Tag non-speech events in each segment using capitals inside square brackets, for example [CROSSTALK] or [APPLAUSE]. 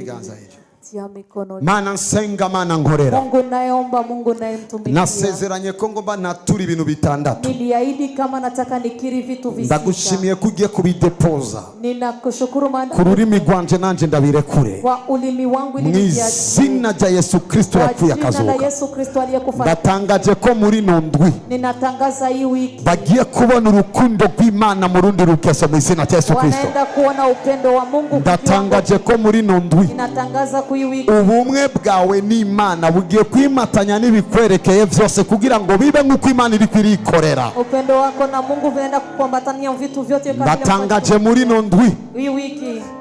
a Zaid. mana nsenga mana nkorera nasezeranye ko ngomba natura ibintu bitandatu ndagushimiye ko ugiye kubidepoza ku rurimi rwanje nanje ndabirekure kwa ulimi mu izina rya Yesu Kristo yapfuye akazuka ko muri nundwi ninatangaza bagiye kubona urukundo rw'Imana mu rundi rukeso mu izina rya Yesu Kristo ndatangaje ko muri nundwi ubumwe bwawe n'imana bugiye kwimatanya n'ibikwerekeye byose kugira ngo bibe nk'uko imana iri kwirikorera batangaje muri no ndwi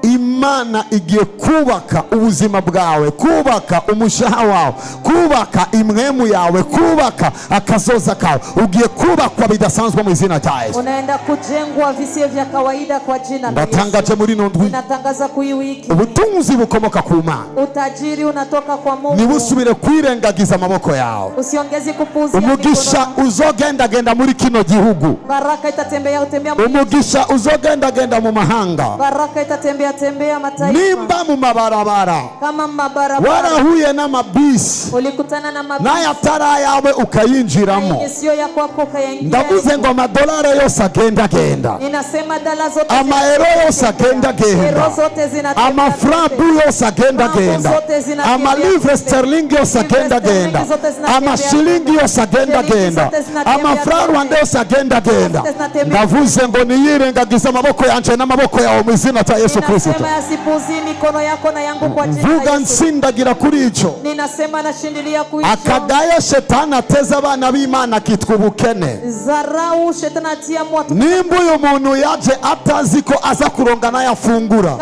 imana igiye kubaka ubuzima bwawe kubaka umushaha wawe kubaka imwemu yawe kubaka akazoza kawe ugiye kubakwa bidasanzwe mu izina rya yesu unaenda kujengwa visio vya kawaida kwa jina ndatangaje muri ino ndwi wiki ubutunzi bukomoka ku mana utajiri unatoka kwa mungu ntibusubire kwirengagiza amaboko yawe usiongeze kupuuza umugisha uzogendagenda muri kino gihugu baraka itatembea utembea umugisha uzogendagenda mu mahanga Baraka itatembea tembea mataifa. Nimba mumabarabara kama mabarabara. Warahuye n'amabisi ulikutana na mabisi naye atari ayawe ukayinjiramo. Ndavuze ngo madolare yose agenda genda, amayero yose agenda genda, amafrabu yose agenda genda, ama livre sterling yose agenda genda, amashilingi yose agenda genda, amafra rwanda yose agenda genda. Ndavuze ngo niyirengagize amaboko yanje n'amaboko yawe izina ta Yesu Kristo. Vuga nsindagira kuri ico akagaya shetani ateza abana b'Imana kitwa ubukene. Nimba uyu muntu yaje atazi ko aza kurongana yafungura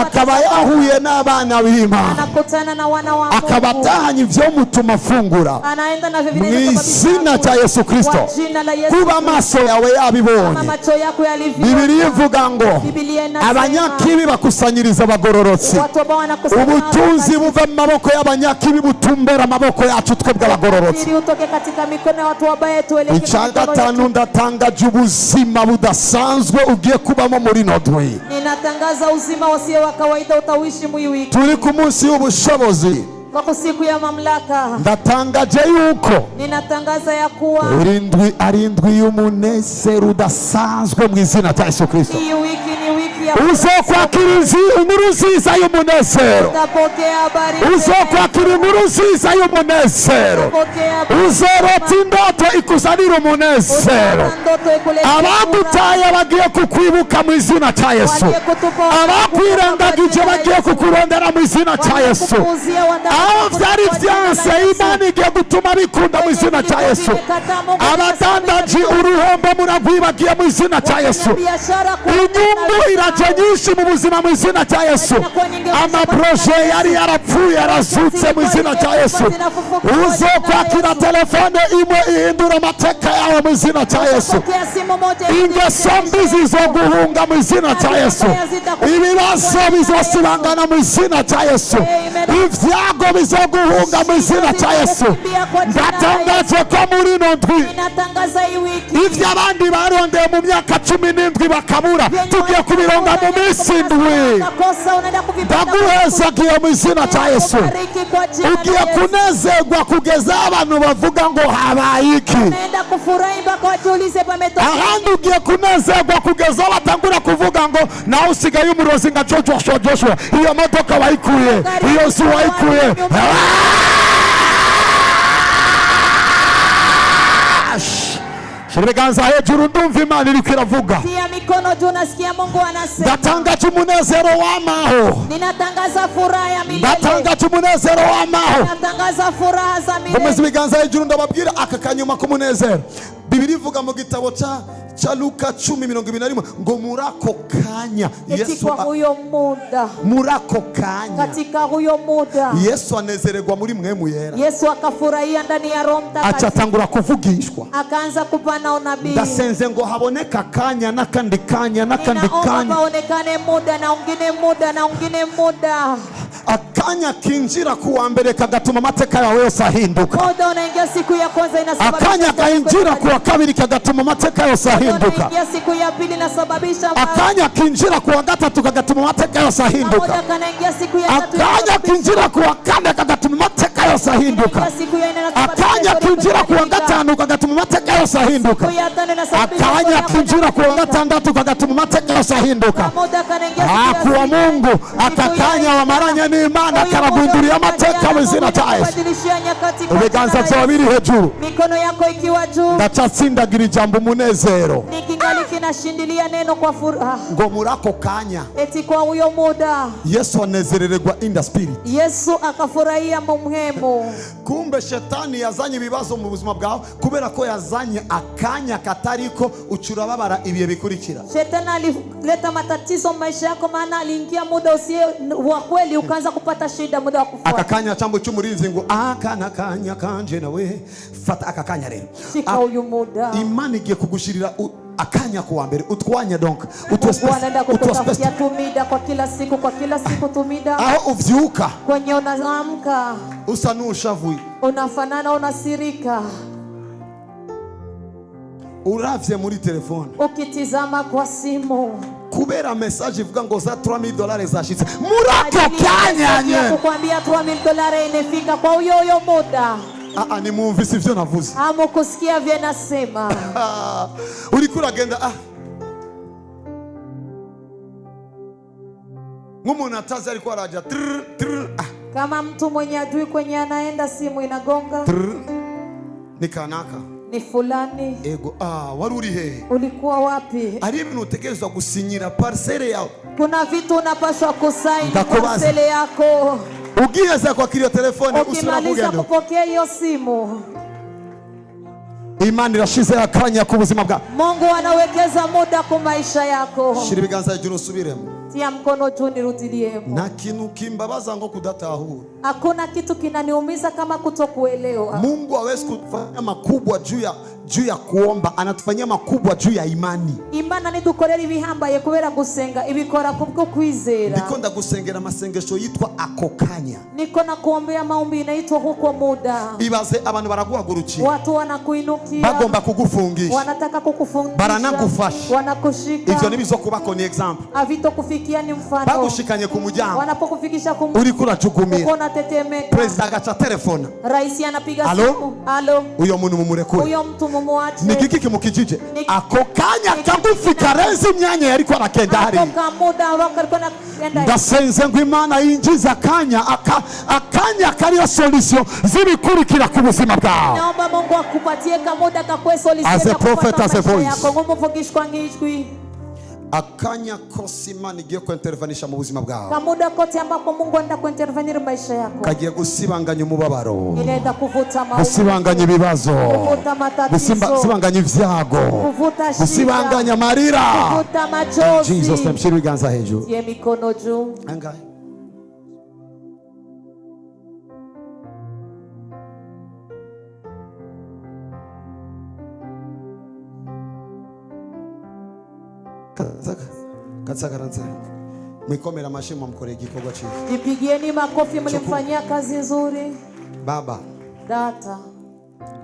akaba yahuye n'abana b'Imana akaba atahanye mutuma afungura mw'izina ta Yesu Kristo kuba amaso yawe yabibonye ivuga ngo abanyakibi bakusanyiriza abagororotsi ubutunzi buva mu maboko y'abanyakibi butumbera amaboko yacu twebwe abagororotsi icya gatanu ndatangaje ubuzima budasanzwe ugiye kubamo muri nodwe turi ku munsi w'ubushobozi kwa siku ya mamlaka ndatangaje yuko ninatangaza ya kuwa urindwi arindwi y'umunezero udasanzwe mu izina rya Yesu Kristo. Iyi wiki ni uzokwakira inkuru nziza y'umunezero uzokwakira inkuru nziza y'umunezero uzorota indoto ikuzanira umunezero abagutaye bagiye kukwibuka mu izina cya yesu abakwirengagije bagiye kukurondera mu izina cya yesu aho byari byose imana igiye gutuma bikunda mu izina cya yesu abadandaji uruhombo muragwibagiye mu izina cya yesu inyungu iraca twanyinshi mu buzima mu izina cya yesu amaproje yari yarapfuye arasutse mu izina cya yesu uze kwakira telefone imwe ihindura amateka yawe mu izina cya yesu ingeso mbi zizoguhunga mu izina cya yesu ibibazo bizosibangana mu izina cya yesu ibyago bizoguhunga mu izina cya yesu ndatangaje ko muri ino ndwi ibyo abandi barondeye mu myaka cumi n'indwi bakabura tugiye kubironga na mumitsindwi ndaguheza giye mwizina ca yesu ugiye kunezerwa kugeza abantu bavuga ngo habaye iki ahandi ugiye kunezerwa kugeza batangura kuvuga ngo nawe usigaye umurozi nka joshua joshua iyo modoka wayikuye iyo zu wayikuye ibiganza hejuru ndumva imana iri kwiravuga ndatangaje umunezero w'amaho ndatangaje umunezero w'amaho komeza ibiganza hejuru ndababwira aka kanyuma k'umunezero bibiri ivuga mu gitabo cya cha luka cumi mirongo ibiri na rimwe ngo muri ako kanya muri ako kanya yesu anezererwa muri mwe muyera yesu akafurahia ya kuvugishwa kupana ndasenze ngo haboneke kanya n'akandi kanya n'akandi kanya muda na ungine muda na ungine muda akanya kinjira kuwa mbere kagatuma amateka yawe yose ahinduka akanya kainjira kuwa kabiri kagatuma amateka yose ahinduka akanya kinjira kuwa gatatu kagatuma amateka yose ahinduka akanya kinjira kuwa kane kagatuma amateka yose ahinduka akanya kinjira kuwa gatanu kagatuma amateka amategerezo ahinduka akanya kinjira ku wa gatandatu kagatuma amategerezo ahinduka akuwa mungu aka kanya wamaranye n'imana karaguhinduriye amateka mu izina rya yesu ibiganza byawe biri hejuru ndacatsindagira ijambo umunezero ngo muri ako kanya yesu anezerererwa in the spirit yesu akafurahia mumhemo kumbe shetani yazanye ibibazo mu buzima bwawe kubera ko yazanye kanya akanya katariko ucurababara ibiye bikurikira shetani alileta matatizo maisha yako maana aliingia muda usie wa kweli ukaanza kupata shida muda wa kufuata akakanya chambu cy'umurinzi ngu akana kanya kanje na we fata akakanya rero shika uyu muda imana igiye kugushirira akanya kuwa mbere utwanya donc utwanaenda kukutafutia tumida kwa kila siku kwa kila siku tumida aho uvyuka kwenye unaamka usa n'ushavuye unafanana unasirika uravye muri telefone ukitizama kwa simu kubera message ivuga ngo za 3000 dollars zashitse muri ako kanya nyene kukwambia 3000 dollars inefika kwa huyo huyo muda Ah, ah, nimwumvise ivyo navuze amukusikia ah, vye nasema ulikuwa [LAUGHS] unagenda ah ngumu ah. na tazi alikuwa raja trrr, trrr, ah. kama mtu mwenye adui kwenye anaenda simu inagonga trrr. nikanaka ni fulani ego ah wari uri he ulikuwa wapi ari ibintu utegerezwa gusinyira parcele yawe kuna vitu unapaswa kusaini parcele yako ukiweza kwa kilio telefone ukimaliza kupokea hiyo simu imana irashizeho akanya k'ubuzima bwawe mungu anawekeza muda ku maisha yako shira ibiganza hejuru usubiremo tia mkono juu nirudilie nirudiliemo. Na kinu kimbabaza ngo kudatahura, hakuna kitu kinaniumiza kama kutokuelewa. Mungu hawezi kufanya makubwa juu ya juu ya kuomba, anatufanyia makubwa juu ya imani. Imana nidukorera ibihambaye kubera gusenga ibikora kubwo kwizera. Ndiko ndagusengera amasengesho yitwa akokanya. kanya, niko nakuombea maombi inaitwa huko muda. Ibaze abantu baraguhagurukira. watu wanakuinukia, bagomba kugufungisha, wanataka kukufungisha, baranagufasha, wanakushika. Ivyo kubako ni example avito kufi Shirikiani mfano. bagushikanye ku mujyango wanapokufikisha ku mujyango uriko urajugumiye uko unatetemeka, perezida agaca telefone, rais anapiga simu, halo, uyo muntu mumurekure, uyo mtu mumuache. Ni kiki kimukijije ako kanya kagufika rezi myanya yari kwa arakenda hari ndasenze ngwi mana injiza kanya aka, akanya kariyo solution zibikurikira ku buzima bwawe. Naomba Mungu akupatie kamuda kakwe solution. As a prophet, as a voice akanya kose imana igiye kwinterivanisha mu buzima bwawe kamuda kote ambako mungu anaenda kuintervenir maisha yako kagiye gusibanganya umubabaro ireda kuvuta maumivu gusibanganya ibibazo kuvuta matatizo gusibanganya ivyago kuvuta shida gusibanganya marira kuvuta machozi Jesus tamshiri ganza hejo ye mikono juu angai kazaka kazaka ranza mwikomera mashema mkore gikorwa chifu. Jipigieni makofi, mlimfanyia kazi nzuri baba. Data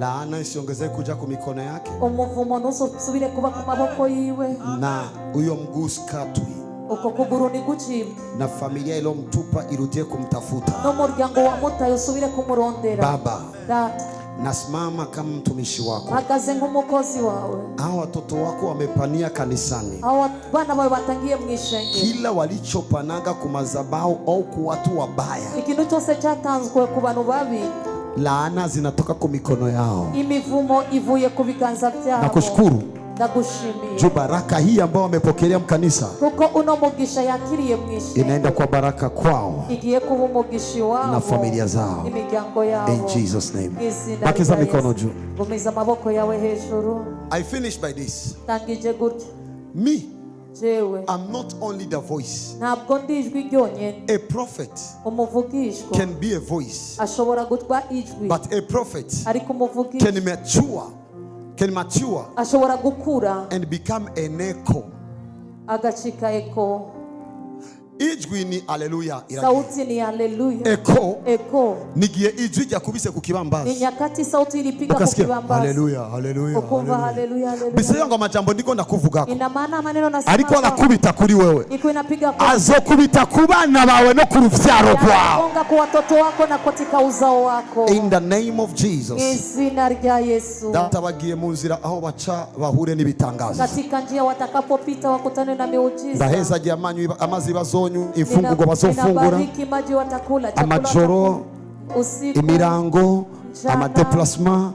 laana isiongezee kuja ku mikono yake, umuvumo ntusubire kuba ku maboko yiwe, na uyo mguu skatwi uko kuguru nigucibwe, na familia ilomtupa irudie kumtafuta, n'umuryango wamutaye usubire kumurondera baba Data Nasimama kama mtumishi wako. Akaze ngumukozi wawe. Hao watoto wako wamepania kanisani. Hao bana bawe batangiye mwishenge. Kila walichopanaga ku au ku watu wabaya. Ikintu cyose cyatanzwe ku bantu babi. Laana zinatoka ku mikono yao. Imivumo ivuye ku biganza byabo. Nakushukuru juu baraka hii ambao wamepokelea mkanisa inaenda kwa baraka kwao na familia zao. In Jesus name. Bakiza mikono juu. I finish by this. Me. I'm not only the voice. A prophet can be a voice. But a prophet can mature can mature ashobora gukura and become an echo agacika echo ijwi ni aleluya, sauti ni aleluya, eko eko, nigiye ijwi jakubise ku kibambazi, ni nyakati sauti ilipiga ku kibambazi, aleluya aleluya, ukumva aleluya aleluya bise yango majambo ndiko ndakuvugako, ina maana maneno nasema, ariko anakubita kuri wewe, iko inapiga kwa, azokubita ku bana bawe no ku ruvyaro ngonga kwa watoto wako na katika uzao wako, in the name of Jesus, yesu na rya Yesu. Data bagiye mu nzira aho bacha bahure n'ibitangazo, katika njia watakapopita wakutane na miujiza, ndaheza jamani amazi bazo zonyu imfungugo bazofungura amajoro imirango amadeplasema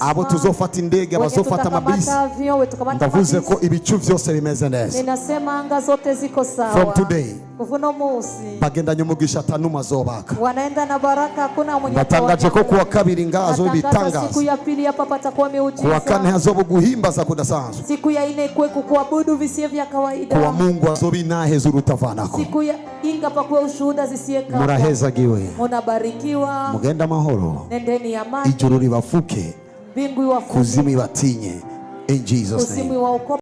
abo tuzofata indege abazofata amabisi ndavuze ko ibicu byose bimeze neza from today bagendanye umugisha atanuma zobaka batangaje ko kuwa kabiri ngazo ibitangaza kane hazoba guhimbaza kudasanzwe siku ya ine kwe vya kawaida kuwa mungu azobi nahe zurutavanako siku ya inga murahezagiwe mugenda mahoro amani ijuru libafuke kuzimu ibatinye in Jesus name